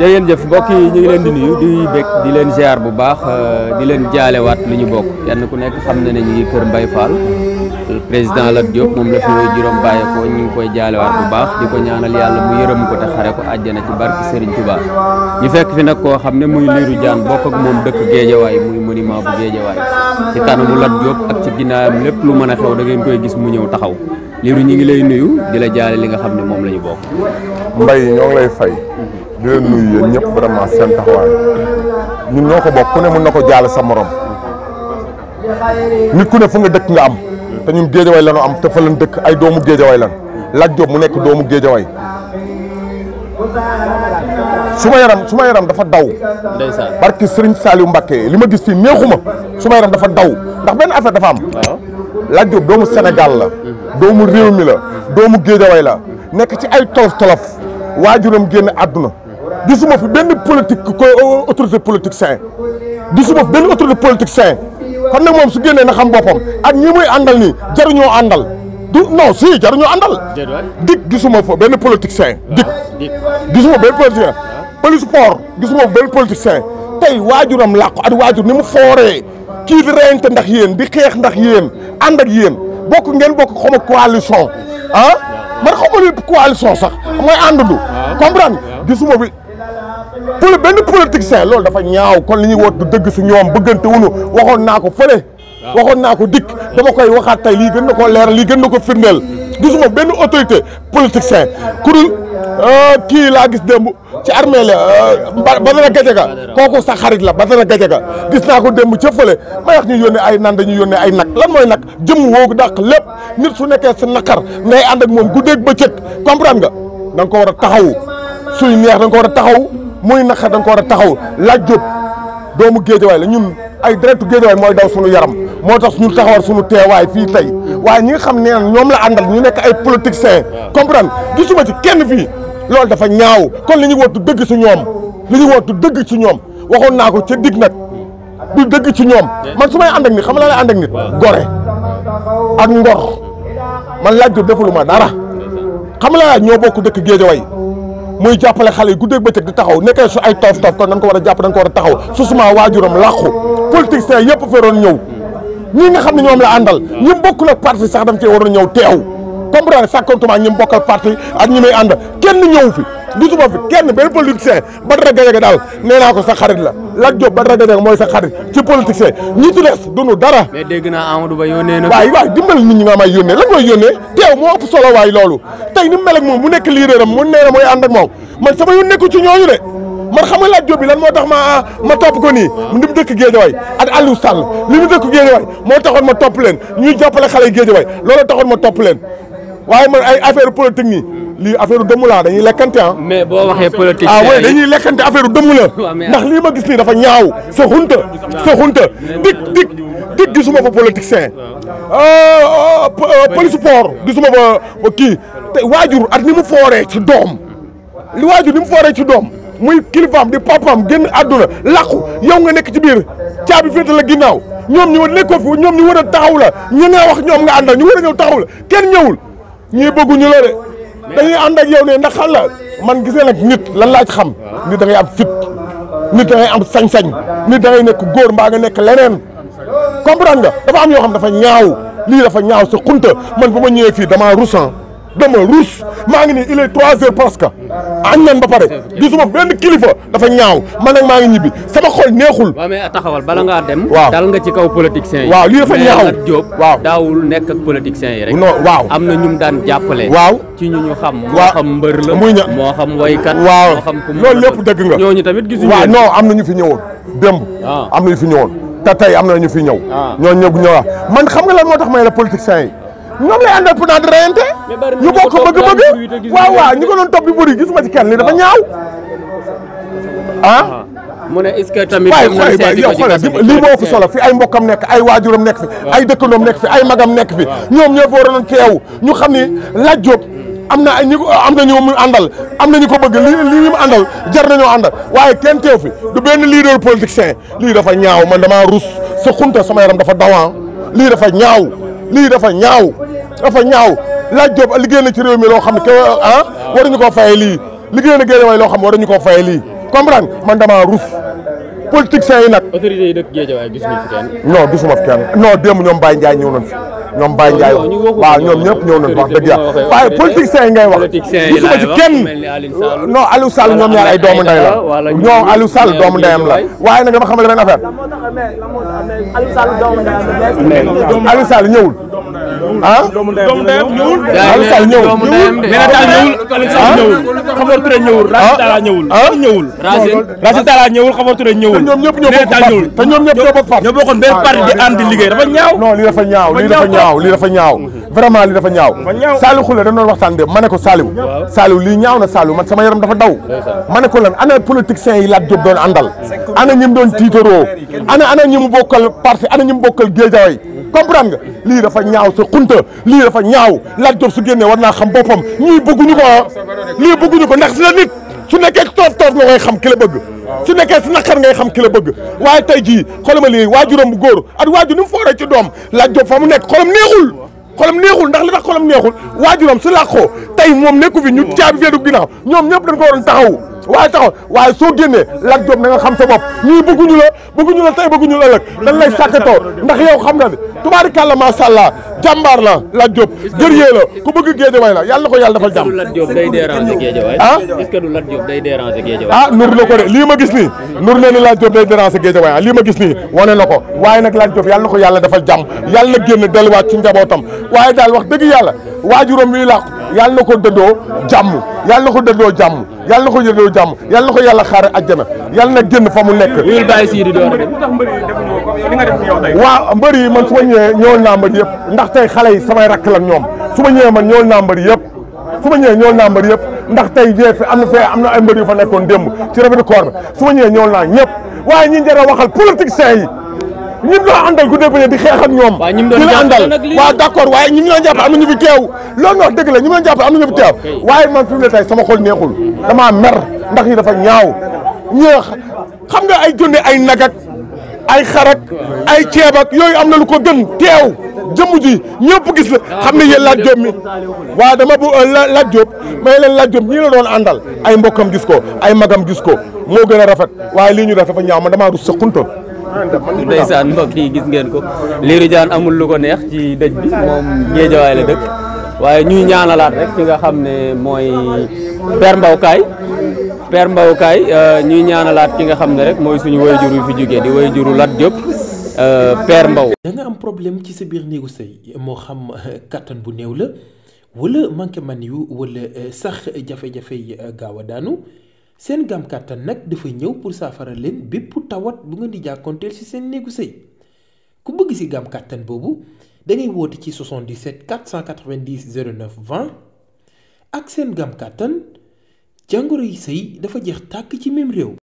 jërëjëf jeuf mbokk yi ñu ngi leen di nuyu di bekk di leen ziar bu baax euh, di leen jaalewaat li ñu bokk yenn ku nekk xam na ne ñu ngi kër Mbaye Fall président Lat Diop mom la fi woy juróom baye ko ñu ngi koy jaalewaat bu baax di ñaanal yalla mu yërëm ko te xare ko aljana ci barki Serigne Touba ñu fekk fi nak ko xam ne muy liru jaan bokk ak dekk dëkk way muy monument bu way ci kanamu Lat Diop ak ci ginnaawam lepp lu mëna xew da ngeen koy gis mu ñew taxaw liru ñi ngi lay nuyu di la jaale li nga xam ne moom bokk mbay ñoo lay fay mm-hmm. di leen nuyu yéen ñëpp vraiment seen taxawaay ñun ñoo ko bokk ku ne mën na ko jaale sa morom nit ku ne fu nga dëkk nga am te ñun géejawaay lañu am te fa lañ dëkk ay doomu géejawaay lan laaj Diop mu nekk doomu géejawaay suma yaram suma yaram dafa daw. ndeysaan barki Serigne Saliou Mbacké li ma gis fii neexuma suma yaram dafa daw ndax benn affaire dafa am. waaw Lat Diop doomu Sénégal la. doomu réew mi la. doomu géejawaay la nekk ci ay tolof tolof waajuram génn àdduna. gisuma fi benn politique ko autorité politique sain gisuma fi benn autorité politique sain kon nag moom su génnee na xam boppam ak ñi muy àndal nii jaruñoo àndal du non si jaruñoo àndal. dik gisuma fa benn politique sain. dik gisuma benn politique sain. police sport gisuma benn politique sain tey waajuram làqu ak waajur ni mu fooree kii di reyante ndax yéen di xeex ndax yéen ànd yéen bokk ngeen bokk xaw ma coalition ah man xaw ma coalition sax mooy ànd du ah. comprendre gisuma bi. pour benn politicien loolu dafa ñaaw kon li ñuy woot du dëgg si ñoom bëggante waxoon naa ko fële. waxoon naa ko dikk dama koy waxaat tey lii gën na ko leer lii gën na ko firndeel. gisuma benn autorité politicien ku dul euh, kii laa gis démb ci armée la euh, Badara Gadiaga kooku sa xarit la Badara Gadiaga gis naa ko démb ca fële may wax ñu yónnee ay nan dañuy yónnee ay nag lan mooy nag jëm woogu dàq lépp nit su nekkee sa naqar ngay ànd ak moom guddeeg bëccëg comprendre nga da nga ko war a taxaw suy neex da nga ko war a taxaw. muy naqar da nga ko a taxaw laaj Diop doomu géejawaay la ñun ay deretu géejawaay mooy daw suñu yaram moo tax ñu taxawal suñu teewaay fii tey waaye ñi xam ne ñoom la àndal ñu nekk ay politiciens comprendre gisuma ci kenn fii loolu dafa ñaaw kon li ñu wootu dëgg si ñoom li ñu wootu dëgg ci ñoom waxoon naa ko ca dig nag du dëgg ci ñoom man su may ànd nit xam nga laa lay ànd ak nit gore ak ngor man laaj Diop defaluma dara xam laa ñoo ku dëkk géejawaay muy jàppale xale yi guddeeg bëccëg di taxaw nekkee su ay toof toof kon dañ ko war a jàpp dañ ko war a taxaw su suma waajuram làqu politiciens yëpp feroon ñëw ñi nga xam ne ñoom la àndal ñi bokkul ak parti sax dam cee waroon ñëw teew comprendre sàkkantuma ak ñi mu bokkal parti ak ñi may ànd kenn ñëw fi gisuma fi kenn benn politicien Badara Gadiaga daal nee naa ko sa xarit la Lat Diop Badara Gadiaga mooy sa xarit ci politicien ñi ci des duñu dara. mais dégg naa Amadou Ba yónnee na. waay waay dimbali nit ñi mooy yónnee teew moo ëpp solo waay loolu tey ni mu mel moom mu nekk liireeram mu nee mooy ànd moo moom man sama yoon nekku ci ñooñu de man xam nga Lat Diop bi moo tax ma ma topp ko nii ni mu dëkk Géejawaay ak Aliou Sall li mu dëkk Géejawaay moo taxoon ma topp leen ñuy jàppale xale yi Géejawaay loolu taxoon ma topp leen waaye man ay affaire politique nii lii affaire dëmm laa dañuy lekkante ah. mais boo waxee ah, politique. ah oui dañuy lekkante affaire dëmm la ndax lii ma gis nii dafa ñaaw sa xunta sa xunta dik dik dik gisuma fa politicien ah. Ah, police sport gisuma fa kii te waajur at ni mu fooree ci doom li waajur ni mu fooree ci doom muy kilifaam di papaam génn àdduna làqu yow nga nekk ci biir caabi féete la ginnaaw ñoom ñu nekkoo fi ñoom ñu war a taxawula la ñu wax ñoom nga àndal ñu war a ñëw taxaw la kenn ñëwul. ñii bëgguñu la de dañuy ànd ak yow ne ndax la man gisee nag nit lan laaj xam nit da ngay am fit nit da am sañ-sañ nit da ngay nekk góor mbaa nga nekk leneen comprendre nga dafa am yoo xam dafa ñaaw lii dafa ñaaw sa xunta man bu ma ñëwee fii damaa rusan dama ruus maa ngi nii il est trois heures presque añ nan ba pare gisuma benn kilifa dafa ñaaw man nag maa ngi ñibbi sama xol neexul. waaw taxawal bala ngaa dem. waaw nga ci kaw politiciens yi. waaw lii dafa ñaaw mais waaw daawul nekk ak politiciens yi rek. non waaw am na ñu mu daan jàppale. waaw ci ñu ñu xam. moo xam mbër la muy ña moo xam woykat. waaw loolu lépp dëgg nga ñooñu tamit gisuñu. waaw non am na ñu fi ñëwoon démb. Ah. am na ñu fi ñëwoon te tey am na ñu fi ñëw. Ah. ñooñu ñëw ñëwaat man xam nga lan moo tax may la politiciens yi ñoom lay àndal pendant di reyante ñu bokk bëgg-bëgg waaw waaw ñu ko doon topp bi bëri gisuma ci kenn li dafa ñaaw ah mu ne est-ce que tamit waay waay yow xoolal lii moo fi solo fi ay mbokkam nekk ay waajuram nekk fi ay dëkkandoom nekk fi ay magam nekk fi ñoom ñoo fa waroon teew ñu xam ni Lat Diop am na ay ñi am na ñu mu àndal am na ñu ko bëgg lii li mu àndal jar nañoo àndal waaye kenn teew fi du benn leader politicien lii dafa ñaaw man damaa rus sa xunta sama yaram dafa dawan lii dafa ñaaw lii dafa ñaaw dafa ñaaw laaj Diop liggéey na ci réew mi loo xam ne ke ah, ah waruñu koo faye lii liggéey na Guédiawaye loo xam waruñu koo faye lii comprendre man dama rus politiciens yi nag. autorités yi dëkk Guédiawaye gis nañ fi kenn. non gisuma fi kenn non démb ñoom Baye Ndiaye ñëw nañ fi. ñoom Baye Ndiaye waaw ñoom ñëpp ñëw nañ wax dëgg yàlla waaye politiciens yi ngay wax gisuma ci kenn non Aliou Sall ñoom ñaar ay doomu ndey la ñoom Aliou Sall doomu ndeyam la waaye nag dama xamal benn affaire Aliou Sall ñëwul ah doomu ndeyam ñëwul. Aliou Sall ñëwul ñëwul. Néné Tall ah? ñëwul Aliou Sall ñëwul. Khafor Touré ñëwul ah? Racine Talla ñëwul. ah ñëwul. Racine Talla ñëwul Khafor Touré ñëwul. te ñoom ñëpp ñoo bokk parti te ñoom ñëpp ñoo bokk parti. ñoo bokkoon benn parti di ànd di liggéey dafa ñaaw. non lii dafa ñaaw lii dafa ñaaw lii dafa ñaaw. vraiment li dafa ñaaw Saliou Khoule dañ doon waxtaan de ma ne ko lii ñaaw na Saliou man sama yaram dafa daw ma ne ko lan ana yi laaj Diop doon àndal ana ñim doon tiitaroo ana ana ñi mu bokkal parti ana ñi mu bokkal géejawaay comprendre nga lii dafa ñaaw sa xunta lii dafa ñaaw laaj Diop su génnee war naa xam boppam ñii bëgguñu ko ah. lii bëgguñu ko ndax si la nit su nekkee toof toof nga koy xam ki la bëgg su nekkee si naqar ngay xam ki la bëgg waaye doom laaj Diop fa mu nekk xolam xolam neexul ndax li tax xolam neexul waajuram su làqoo tey moom nekku fi ñu caabi feedu ginnaaw ñoom ñëpp dañ ko waroon taxawu waaye taxaw waaye soo génnee Lat Diop na xam sa bopp ñii bëgguñu la bëgguñu la tey bëgguñu la ëllëg dañ lay sàkkatoo ndax yow xam nga ne tubaarikàlla macha allah jàmbaar la la Diop. gërëyee la ku bëgg géejawaay la yàlla na ko yàlla defal jàmm. ah est-ce que du Lat Diop day déranger géejawaay. ah nur na ko de lii ma gis nii. nur na ni Lat Diop day déranger géejawaay ah lii ma gis nii wane na ko waaye nag Lat Diop yàlla na ko yàlla defal jàmm yàlla na génn delluwaat ci njabootam waaye daal wax dëgg yàlla waajuram wi làqu yàlla na ko dëddoo jàmm yàlla na ko dëddoo jàmm yàlla na ko dëddoo jàmm yàlla na ko yàlla yàlla na génn fa mu nekk waaw mbër yi man su ma ñëwee ñëwal naa mbër yëpp ndax tey xale yi samay rakk lan ñoom su ma ñëwee man ñëwal naa mbër yëpp su ma ñëwee ñëwal naa mbër yëpp ndax tey jee fi am na fee na ay mbër yu fa nekkoon démb ci revue de corps bi su ma ñëwee naa ñëpp waaye ñi njëriñ waxal politiciens yi ñim doon àndal ku dégg di xeex ñoom di la àndal waaw d' accord waaye ñi ñu doon jàpp amuñu fi teew loolu nga wax dëgg la ñi jàpp amuñu fi teew waaye man fi mu ne tey sama xol neexul damaa mer ndax yi dafa ñaaw ñeex xam nga ay jonde ay nagak ay xarak ay ceeb yooyu am na lu ko gën teew jëmm ji ñëpp gis la xam ne yéen laaj Jóob mi waaw dama bu euh, laaj Jóob may leen laaj Jóob ñii la doon àndal ay mbokkam gis ko ay magam gis ko moo gën a rafet waaye lii ñu def dafa ñaaw man damaa rus sa xuntoon ndeysaan mbokk yi gis ngeen ko Lirou jaan amul lu ko neex ci dëj bi moom Géejawaay la dëkk waaye ñuy ñaanalaat rek ki nga xam ne mooy Père Mbaw Kaay Père Mbawukaay euh, ñuy ñaanalaat ki nga xam ne rek mooy suñu wayjur yu fi jógee di wayjuru Lat Diop euh, Père Mbaw da nga am problème ci sa biir néegu sëy moo xam euh, kattan bu néew la wala manqué man yu wala sax jafe-jafe gaaw a daanu seen gaam kàttan nag dafa ñëw pour saafara leen bépp tawat bu ngeen di jàkkoonteel ci seen néegu sëy ku bëgg si gam kàttan boobu da ngay woote ci 77 490 09 20 ak seen gaam kàttan jàngoro yi sëy dafa jeex tàkk ci même réew